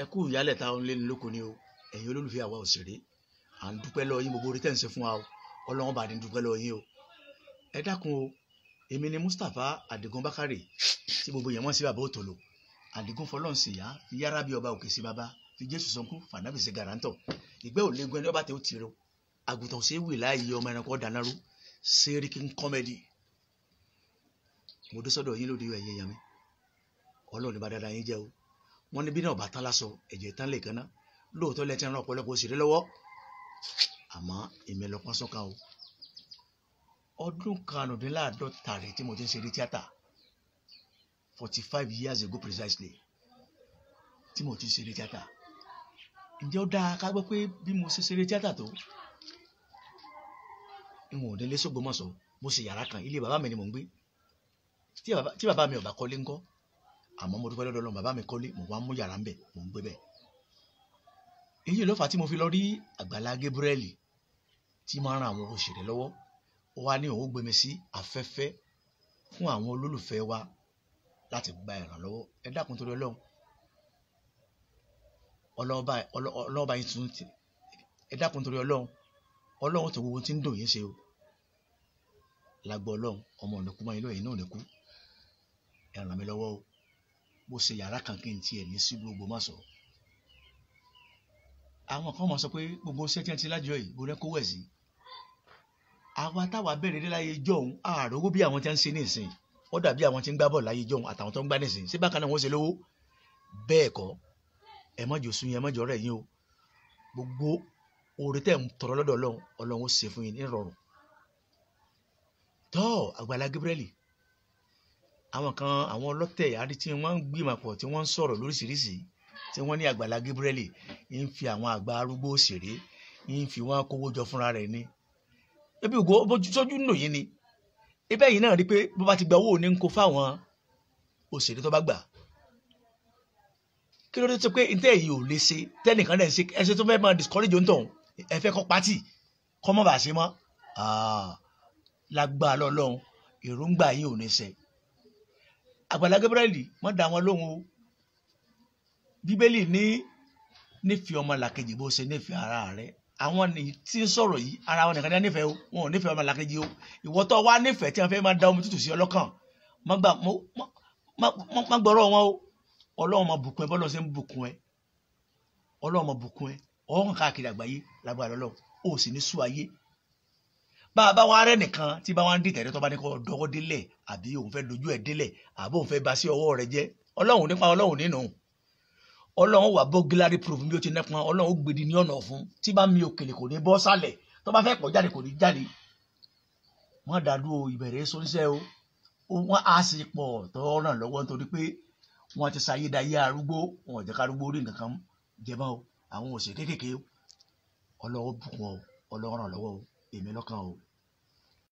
ẹ kú ìyálẹ̀ tá lé ní lóko ni o ẹ̀yin olólùfẹ́ àwa òṣèré à ń dúpẹ́ lọ yín gbogbo orí tẹ̀sí fún wa o ọlọ́run bá ní dúpẹ́ lọ yín o ẹ dákun o èmi ni Mustapha Adigun Bakare tí gbogbo yẹn mọ̀ sí bàbá òtòlò Adigun fọlọ́n sì yá fi yára bí ọba òkè sí bàbá fi Jésù sọkún fànàbì sí garantọ̀ ìgbẹ́ òlegun ẹni ọba tẹ ó ti rọ àgùntàn sí wì láàyè ọmọ ẹranko dànàrú serikin comedy mo dé sọ́dọ̀ yín lóde ẹ̀yìn ẹ̀yàn mi ọlọ́run ní bá dáadáa yín jẹ́ o wọ́n ní náà bá tán lásọ ẹ̀jẹ̀ tán lè kaná lóòótọ́ lẹ́tí ẹran ọ̀pọ̀lọpọ̀ òṣèré lọ́wọ́ àmọ́ èmi lọ o ọdún kanùndínláàdọ́ta rẹ̀ tí mo ti ń ṣeré tíátà forty five years ago precisely tí mo ti ń ṣeré tíátà ǹjẹ́ ó dáa ká gbọ́ pé bí mo ṣe ṣeré tíátà tó ìwọ̀n òdínlẹ́sọ̀gbọ́mọ̀sọ mo ṣe yàrá kan ilé bàbá mi ni mò ń gbé tí bàbá mi ò bá kọ́lé ńkọ́ àmọ́ mo dúpẹ́ lọ́dọ̀ Ọlọ́run bàbá mi kọ́lé mo wá mú yàrá ń bẹ̀ mo ń gbé bẹ̀ èyí ló fà tí mo fi lọ rí Àgbàlá Gabriel tí máa ń ran àwọn òṣèré lọ́wọ́ ó wá ní òun gbé mi sí afẹ́fẹ́ fún àwọn olólùfẹ́ wa láti gba ìrànlọ́wọ́ ẹ dákun torí Ọlọ́run ọlọ́ọ̀bá yìí tún ẹ dákun torí Ọlọ́run Ọlọ́run tó gbogbo tí ń dùn yín ṣe o lágbọ́ Ọlọ́run ọmọ òníkú máa ń lọ náà òníkú ẹ ràn mí lọ́wọ́ o mo ṣe yàrá kan kí n tiẹ̀ ní sí gbogbo má sọ. àwọn kan mọ̀ sọ pé gbogbo sẹ́tíẹ́ntì lájọ yìí mo rẹ́ kó wẹ̀ sí. àwa táwa bẹ̀rẹ̀ dé láyé jọ̀hún àròwó bí àwọn ti ń ṣe ní ìsìn ó dàbí àwọn ti ń gbá bọ̀ láyé jọ̀hún àtàwọn tó ń gbá ní ìsìn ṣé bákan náà wọ́n ṣe lówó bẹ́ẹ̀ kọ́ ẹ mọ́jọ sún yín ẹ rẹ̀ yín o gbogbo oore tẹ̀ ń tọrọ lọ́dọ̀ ọlọ́run ọlọ́run ó ṣe fún yín ní ìrọ̀rùn tọ́ àgbàlá Gabriel àwọn kan àwọn ọlọ́tẹ̀ àrí tí wọ́n ń gbìmọ̀pọ̀ tí wọ́n ń sọ̀rọ̀ lóríṣiríṣi tí wọ́n ní Àgbàlá Gabriel ń fi àwọn àgbà arúgbó òṣèré ń fi wọ́n kówó jọ fúnra rẹ̀ ni ebi ògo sójú nù yín ni ibẹ̀ yìí náà rí i pé bó bá ti gba owó ní ń kó fáwọn òṣèré tó bá gbà kí ló dé tó pé ntẹ́ yìí ò lè ṣe tẹ́nìkan dẹ̀ ṣe ẹṣẹ́ tó fẹ́ máa discourage ń ẹ fẹ́ kọ́ pátì kọ́ mọ́ bàá ṣe mọ́ lágbára lọ́lọ́run èròǹgbà yìí ò ní ṣe àgbàlá Gabriel mọ́ dá wọn lóhùn o bíbélì ní nífẹ̀ẹ́ ọmọ làkejì bó ṣe nífẹ̀ẹ́ ara rẹ àwọn ni tí ń sọ̀rọ̀ yìí ara wọn nìkan ní nífẹ̀ẹ́ o wọn ò nífẹ̀ẹ́ ọmọ làkejì o ìwọ́tọ̀ wá nífẹ̀ẹ́ tí wọ́n fẹ́ máa da omi tútù sí ọlọ́kàn má gbọ́rọ̀ wọn o ọlọ́run máa bùkún ẹ bọ́lọ́ ṣe ń bùkún ẹ ọlọ́run máa bùkún ẹ ọ̀hún káàkiri àgbáyé lágbára ọlọ́run ó sì ní sú ayé bá a bá wọn arẹ nìkan tí bá wọn ń dìtẹ̀rẹ́ tó bá ní kó dọwọ́ délẹ̀ àbí òun fẹ́ dojú ẹ̀ délẹ̀ àbí òun fẹ́ ba sí ọwọ́ rẹ̀ jẹ́ ọlọ́run nípa ọlọ́run nínú ọlọ́run wà bọ́gílárí proof bí ó ti nẹ́pọn ọlọ́run gbèdì ní ọ̀nà ọ̀fun tí bá mi òkèlè kò ní bọ́ sálẹ̀ tó bá fẹ́ pọ̀ jáde kò ní jáde wọ́n dàdú ìbẹ̀rẹ̀ sọ́nsẹ́ o wọ́n á sì pọ̀ tó ràn lọ́wọ́ nítorí pé wọ́n ti ṣayédayé arúgbó wọn ò jẹ́ ká arúgbó rí nǹkan kan jẹ mọ́ o àwọn òsè kéékèèké ọlọ́run bùkún ọ ọlọ́run ràn lọ́wọ́ o èmi lọ́kàn o.